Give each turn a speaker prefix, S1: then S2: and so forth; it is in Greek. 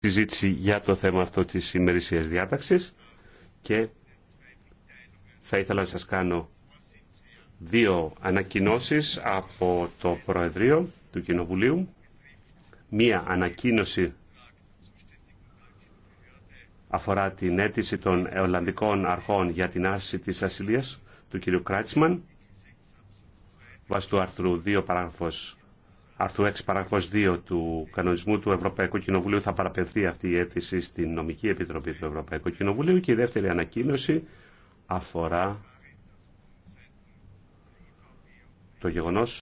S1: συζήτηση για το θέμα αυτό της ημερησίας διάταξης και θα ήθελα να σας κάνω δύο ανακοινώσεις από το Προεδρείο του Κοινοβουλίου. Μία ανακοίνωση αφορά την αίτηση των Ολλανδικών Αρχών για την άρση της ασυλίας του κ. Κράτσμαν βάσει του άρθρου 2 παράγραφος Αρθού 6 παράγραφος 2 του κανονισμού του Ευρωπαϊκού Κοινοβουλίου θα παραπευθεί αυτή η αίτηση στην νομική επιτροπή του Ευρωπαϊκού Κοινοβουλίου και η δεύτερη ανακοίνωση αφορά το γεγονός